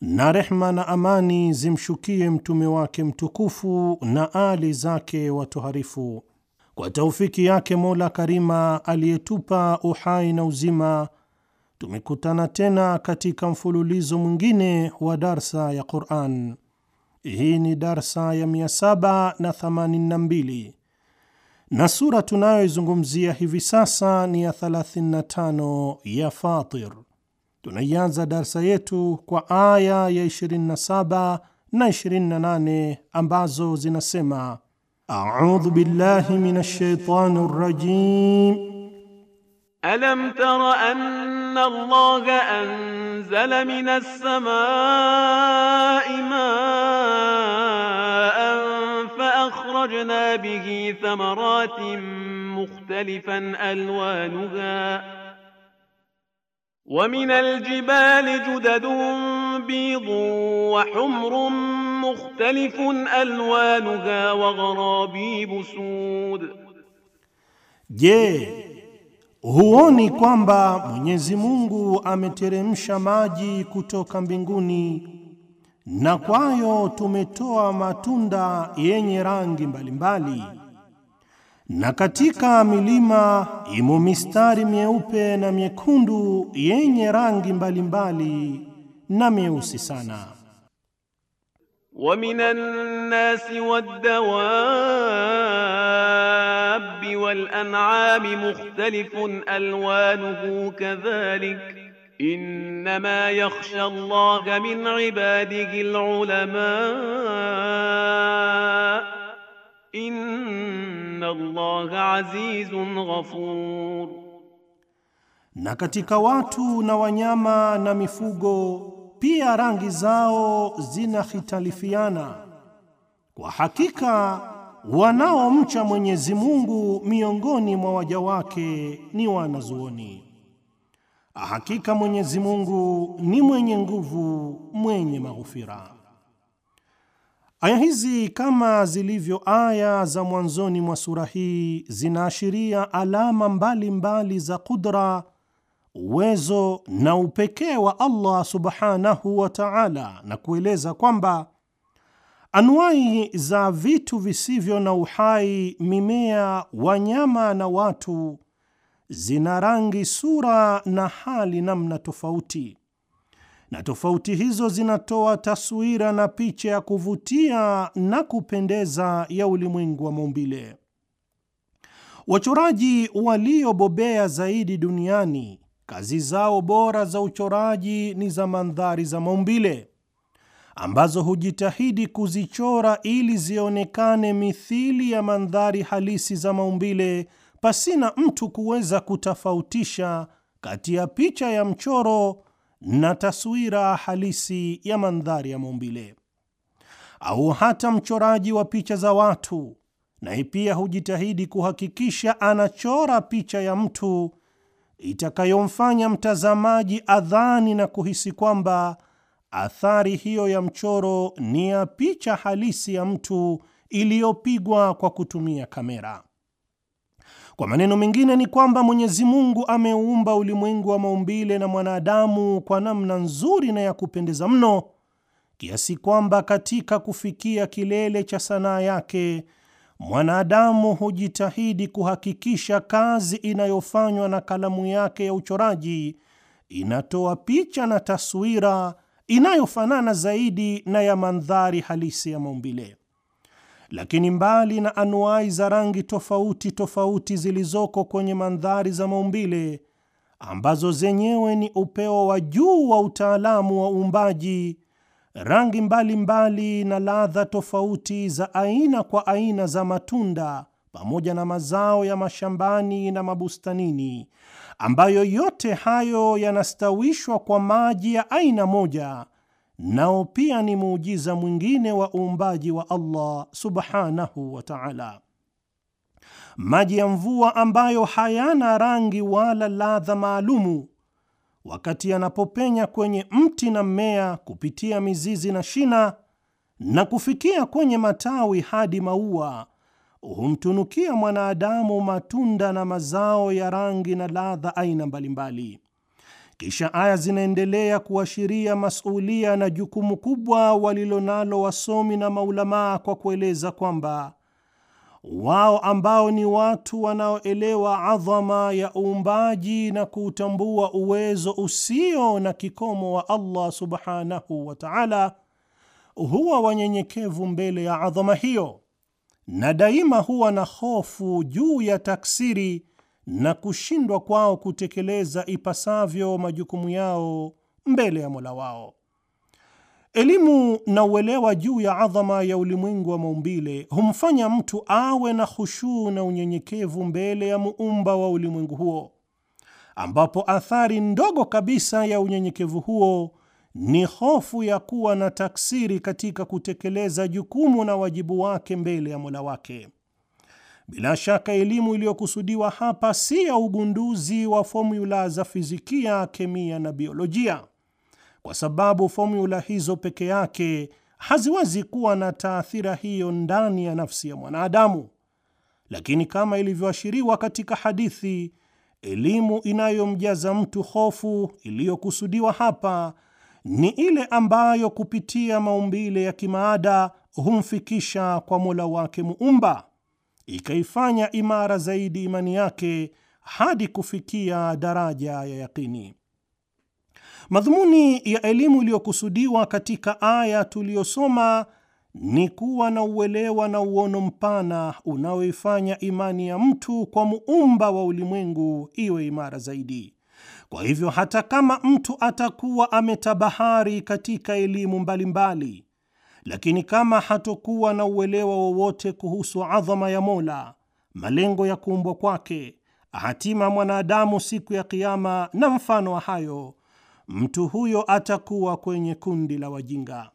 na rehma na amani zimshukie mtume wake mtukufu na ali zake watoharifu. Kwa taufiki yake Mola Karima aliyetupa uhai na uzima, tumekutana tena katika mfululizo mwingine wa darsa ya Quran. Hii ni darsa ya 782 na sura tunayoizungumzia hivi sasa ni ya 35 ya Fatir. tunaianza darsa yetu kwa aya ya 27 na 28 ambazo zinasema: audhu billahi minash shaitani rajim Alam tara anna Allaha anzala minas samai maan fa akhrajna bihi thamaratin mukhtalifan alwanuha ومن الجبال جدد بيض وحمر مختلف ألوانها وغرابيب سود. Je, huoni kwamba Mwenyezi Mungu ameteremsha maji kutoka mbinguni na kwayo tumetoa matunda yenye rangi mbalimbali mbali na katika milima imo mistari myeupe na myekundu yenye rangi mbalimbali na myeusi sana. wa minan nasi waddawabi wal an'ami mukhtalifun alwanuhu kadhalik innama yakhsha Allah min ibadihi alulama Inna Allah azizun ghafur. Na katika watu na wanyama na mifugo pia rangi zao zinahitalifiana. Kwa hakika wanaomcha Mwenyezi Mungu miongoni mwa waja wake ni wanazuoni. Hakika Mwenyezi Mungu ni mwenye nguvu, mwenye maghufira Aya hizi kama zilivyo aya za mwanzoni mwa sura hii zinaashiria alama mbalimbali mbali za kudra, uwezo na upekee wa Allah subhanahu wa ta'ala, na kueleza kwamba anwai za vitu visivyo na uhai, mimea, wanyama na watu, zina rangi, sura na hali namna tofauti na tofauti hizo zinatoa taswira na picha ya kuvutia na kupendeza ya ulimwengu wa maumbile. Wachoraji waliobobea zaidi duniani, kazi zao bora za uchoraji ni za mandhari za maumbile ambazo hujitahidi kuzichora ili zionekane mithili ya mandhari halisi za maumbile, pasina mtu kuweza kutofautisha kati ya picha ya mchoro na taswira halisi ya mandhari ya maumbile, au hata mchoraji wa picha za watu naye pia hujitahidi kuhakikisha anachora picha ya mtu itakayomfanya mtazamaji adhani na kuhisi kwamba athari hiyo ya mchoro ni ya picha halisi ya mtu iliyopigwa kwa kutumia kamera. Kwa maneno mengine ni kwamba Mwenyezi Mungu ulimwengu wa maumbile na mwanadamu kwa namna nzuri na ya kupendeza mno, kiasi kwamba katika kufikia kilele cha sanaa yake mwanadamu hujitahidi kuhakikisha kazi inayofanywa na kalamu yake ya uchoraji inatoa picha na taswira inayofanana zaidi na ya mandhari halisi ya maumbile. Lakini mbali na anuai za rangi tofauti tofauti zilizoko kwenye mandhari za maumbile ambazo zenyewe ni upeo wa juu wa utaalamu wa uumbaji, rangi mbalimbali mbali na ladha tofauti za aina kwa aina za matunda pamoja na mazao ya mashambani na mabustanini, ambayo yote hayo yanastawishwa kwa maji ya aina moja nao pia ni muujiza mwingine wa uumbaji wa Allah subhanahu wa ta'ala. Maji ya mvua ambayo hayana rangi wala ladha maalumu, wakati yanapopenya kwenye mti na mmea kupitia mizizi na shina na kufikia kwenye matawi hadi maua, humtunukia mwanadamu matunda na mazao ya rangi na ladha aina mbalimbali. Kisha aya zinaendelea kuashiria masulia na jukumu kubwa walilonalo wasomi na maulamaa kwa kueleza kwamba wao ambao ni watu wanaoelewa adhama ya uumbaji na kuutambua uwezo usio na kikomo wa Allah subhanahu wa ta'ala, huwa wanyenyekevu mbele ya adhama hiyo na daima huwa na hofu juu ya taksiri na kushindwa kwao kutekeleza ipasavyo majukumu yao mbele ya Mola wao. Elimu na uelewa juu ya adhama ya ulimwengu wa maumbile humfanya mtu awe na hushuu na unyenyekevu mbele ya muumba wa ulimwengu huo, ambapo athari ndogo kabisa ya unyenyekevu huo ni hofu ya kuwa na taksiri katika kutekeleza jukumu na wajibu wake mbele ya Mola wake. Bila shaka elimu iliyokusudiwa hapa si ya ugunduzi wa fomula za fizikia, kemia na biolojia, kwa sababu fomula hizo peke yake haziwezi kuwa na taathira hiyo ndani ya nafsi ya mwanadamu. Lakini kama ilivyoashiriwa katika hadithi, elimu inayomjaza mtu hofu iliyokusudiwa hapa ni ile ambayo kupitia maumbile ya kimaada humfikisha kwa Mola wake Muumba, ikaifanya imara zaidi imani yake hadi kufikia daraja ya yaqini. Madhumuni ya elimu iliyokusudiwa katika aya tuliyosoma ni kuwa na uelewa na uono mpana unaoifanya imani ya mtu kwa muumba wa ulimwengu iwe imara zaidi. Kwa hivyo hata kama mtu atakuwa ametabahari katika elimu mbalimbali lakini kama hatokuwa na uelewa wowote kuhusu adhama ya Mola, malengo ya kuumbwa kwake, hatima mwanadamu siku ya Kiama na mfano wa hayo, mtu huyo atakuwa kwenye kundi la wajinga.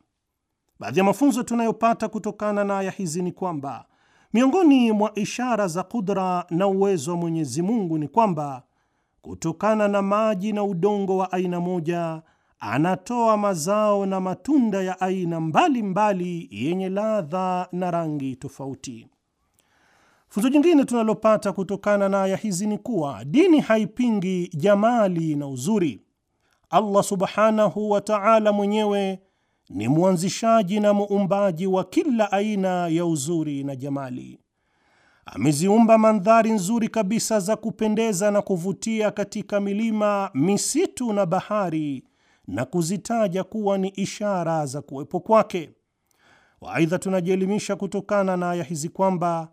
Baadhi ya mafunzo tunayopata kutokana na aya hizi ni kwamba miongoni mwa ishara za kudra na uwezo wa Mwenyezi Mungu ni kwamba kutokana na maji na udongo wa aina moja anatoa mazao na matunda ya aina mbalimbali mbali yenye ladha na rangi tofauti. Funzo jingine tunalopata kutokana na aya hizi ni kuwa dini haipingi jamali na uzuri. Allah subhanahu wa ta'ala mwenyewe ni mwanzishaji na muumbaji wa kila aina ya uzuri na jamali. Ameziumba mandhari nzuri kabisa za kupendeza na kuvutia katika milima, misitu na bahari na kuzitaja kuwa ni ishara za kuwepo kwake. Waaidha, tunajielimisha kutokana na aya hizi kwamba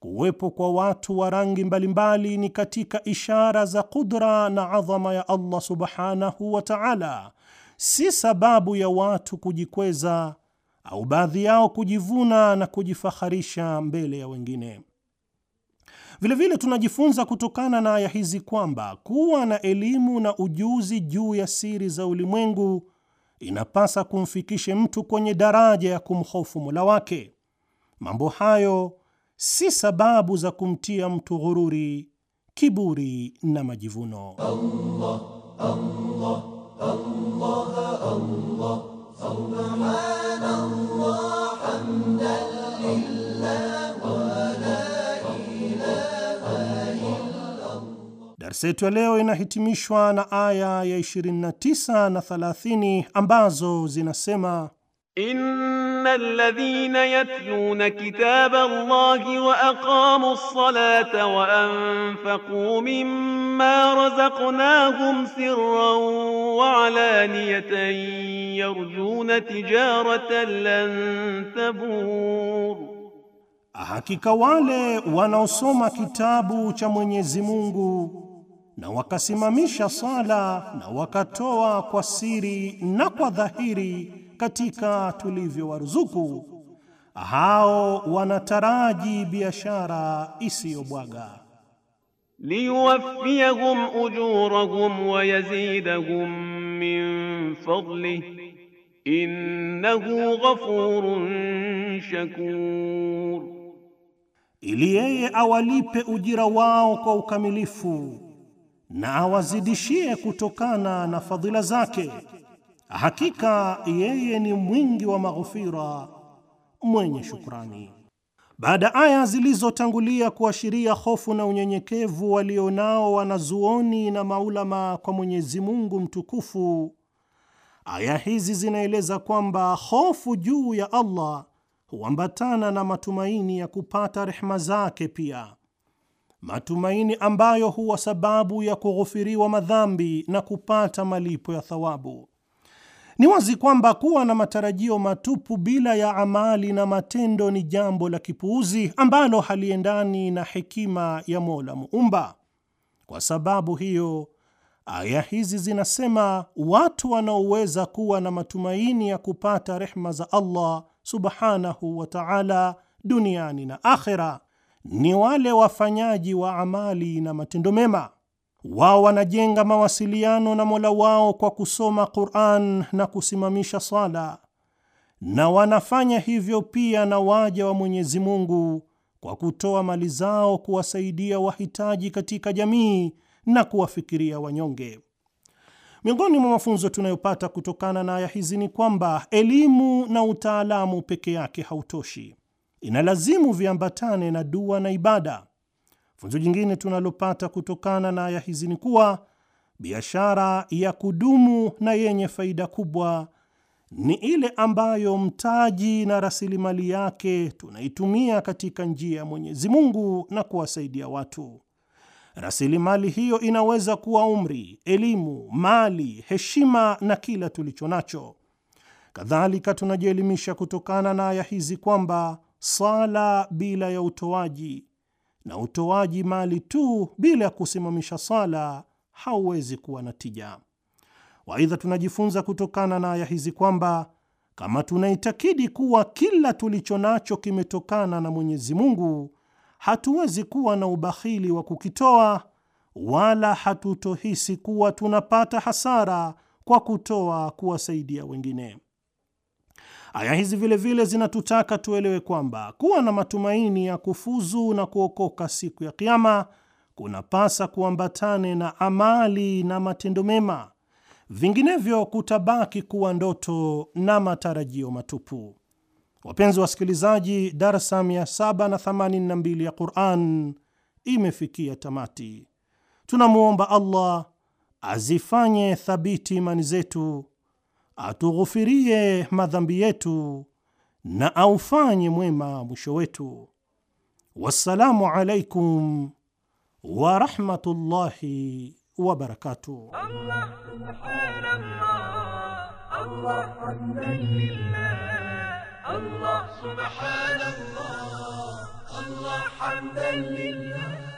kuwepo kwa watu wa rangi mbalimbali ni katika ishara za kudra na adhama ya Allah subhanahu wa ta'ala, si sababu ya watu kujikweza au baadhi yao kujivuna na kujifaharisha mbele ya wengine. Vilevile vile tunajifunza kutokana na aya hizi kwamba kuwa na elimu na ujuzi juu ya siri za ulimwengu inapasa kumfikishe mtu kwenye daraja ya kumhofu Mola wake. Mambo hayo si sababu za kumtia mtu ghururi, kiburi na majivuno. Allah, Allah, Allah, Allah, Allah, Allah, Allah. Darsa yetu ya leo inahitimishwa na aya ya 29 na 30 ambazo zinasema innal ladhina yatluna kitaba Allahi wa aqamu ssalata wa anfaqu mimma razaqnahum sirran wa alaniyatan yarjuna tijaratan lan tabur Hakika wale wanaosoma kitabu cha Mwenyezi Mungu na wakasimamisha sala na wakatoa kwa siri na kwa dhahiri katika tulivyowaruzuku, hao wanataraji biashara isiyobwaga. liwaffiyahum ujurahum wa yazidahum min fadlihi innahu ghafurun shakur, ili yeye awalipe ujira wao kwa ukamilifu na awazidishie kutokana na fadhila zake. Hakika yeye ni mwingi wa maghfira, mwenye shukrani. Baada aya zilizotangulia kuashiria hofu na unyenyekevu walionao wanazuoni na maulama kwa Mwenyezi Mungu mtukufu, aya hizi zinaeleza kwamba hofu juu ya Allah huambatana na matumaini ya kupata rehema zake pia matumaini ambayo huwa sababu ya kughufiriwa madhambi na kupata malipo ya thawabu. Ni wazi kwamba kuwa na matarajio matupu bila ya amali na matendo ni jambo la kipuuzi ambalo haliendani na hekima ya Mola Muumba. Kwa sababu hiyo, aya hizi zinasema watu wanaoweza kuwa na matumaini ya kupata rehma za Allah subhanahu wa taala duniani na akhera ni wale wafanyaji wa amali na matendo mema. Wao wanajenga mawasiliano na Mola wao kwa kusoma Qur'an na kusimamisha sala, na wanafanya hivyo pia na waja wa Mwenyezi Mungu kwa kutoa mali zao kuwasaidia wahitaji katika jamii na kuwafikiria wanyonge. Miongoni mwa mafunzo tunayopata kutokana na aya hizi ni kwamba elimu na utaalamu peke yake hautoshi inalazimu viambatane na dua na ibada. Funzo jingine tunalopata kutokana na aya hizi ni kuwa biashara ya kudumu na yenye faida kubwa ni ile ambayo mtaji na rasilimali yake tunaitumia katika njia ya Mwenyezi Mungu na kuwasaidia watu. Rasilimali hiyo inaweza kuwa umri, elimu, mali, heshima na kila tulicho nacho. Kadhalika tunajielimisha kutokana na aya hizi kwamba sala bila ya utoaji na utoaji mali tu bila ya kusimamisha sala hauwezi kuwa na tija. Waidha, tunajifunza kutokana na aya hizi kwamba kama tunaitakidi kuwa kila tulicho nacho kimetokana na Mwenyezi Mungu, hatuwezi kuwa na ubahili wa kukitoa wala hatutohisi kuwa tunapata hasara kwa kutoa kuwasaidia wengine. Aya hizi vilevile zinatutaka tuelewe kwamba kuwa na matumaini ya kufuzu na kuokoka siku ya Kiama kunapasa kuambatane na amali na matendo mema, vinginevyo kutabaki kuwa ndoto na matarajio matupu. Wapenzi wasikilizaji, darsa 782 ya Quran imefikia tamati. Tunamwomba Allah azifanye thabiti imani zetu atughufirie madhambi yetu na aufanye mwema mwisho wetu. Wassalamu alaikum wa rahmatullahi wa barakatuh. Allah, subhanallah. Allah, alhamdulillah. Allah,